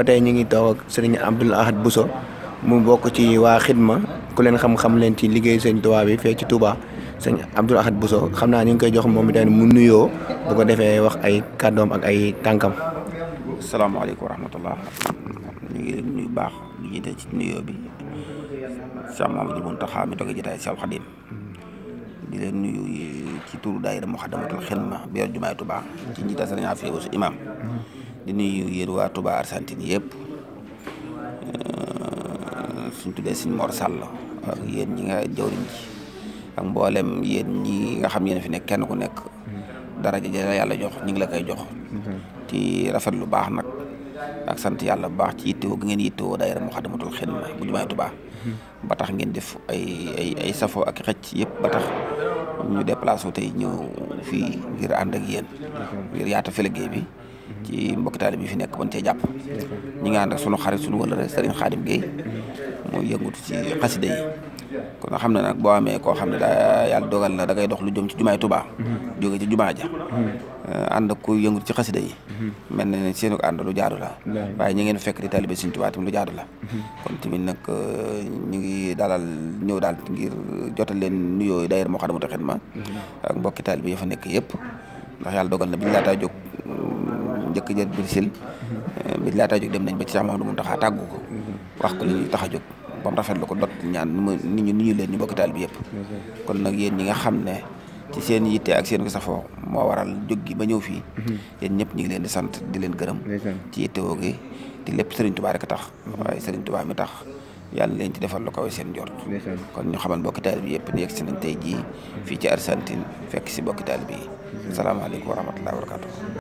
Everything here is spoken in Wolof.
ba ñu ngi toog ak sëriñ Abdoul Ahad buso mu bokk ci waa xidma ku leen xam-xam leen ci liggéey sëñ Tuubaa bi fee ci Touba sëñ Abdoul Ahad Bousso xam naa ñu ngi koy jox moom itam mu nuyoo bu ko defee wax ay kàddoom ak ay tànkam. salaamaaleykum wa rahmatullah ñu baax di ci nuyoo bi Cheikh Mamadou Mountakha mi toog di leen nuyu ci turu daayira Muxaddamatul Xidma bi jumaay Touba ci njiital sëriñ Afia su di nuyu yéen waa Touba Argentine yëpp euh, suñ tuddee suñ Mor Sall ñi nga jawriñ ji ak mboolem yéen ñi nga xam yéen fi nekk kenn ku nekk dara ji la yàlla jox ñu ngi la koy jox ci rafet lu baax nag ak sant yàlla bu baax ci yittewoo gi ngeen yittewoo daayira Muxaddamatul Xidma bu jumaay Touba ba tax ngeen def ay ay ay safo ak xëcc yëpp ba tax ñu déplacé wu tey ñëw fii ngir ànd ak yéen ngir yaata fi liggéey bi ci mbokki taalibe bi fi nekk ban cee jàpp ñi nga ànd ak sunu xarit sunu wëlëre Serigne Khadim Gueye muy yëngutu ci xasida yi kon xam ne nag boo da ngay dox lu jëm ci jumaay Tuubaa jóge ci jumaa ja hmm. ànd ak ku yëngut ci xasida yi hmm. mel na ne lu jaadu la hmm. waaye ñi ngeen fekk di taalibe Sëriñ Tuubaa tamit lu jaadu kon tamit nag euh, ñu ngi ñëw daal ngir jotal leen nuyoo daayira Moukhaddamatoul Khidma ak mbokki taalibe yi fa nekk yëpp ndax yàlla dogal na bi ñu laataa jóg njëkk jël Brésil mhm. eh, bi laataa jóg dem nañ ba ci Cheikh Mamadou Mountakha tàggu ko mhm. wax ko li ñuy tax a jóg ba mu rafetlu ko dot ñaan ni ñu ni ñu leen ñu bokk taal bi yëpp mhm. kon nag yéen ñi nga xam ne ci seen yitte ak seen ko safoo moo waral gi ba ñëw fii yéen ñëpp ñu ngi leen di sant di leen gërëm ci yittewoo gi di lépp Serigne Touba rek tax waaye Serigne Touba mi tax yàlla leen ci defal lu kawe seen njort kon ñu xamal bokki taal bi yëpp ni yegg si nañ tey jii fii ci Argentine fekk si bokki taal bi salaamaaleykum wa rahmatullahi wa barakatuh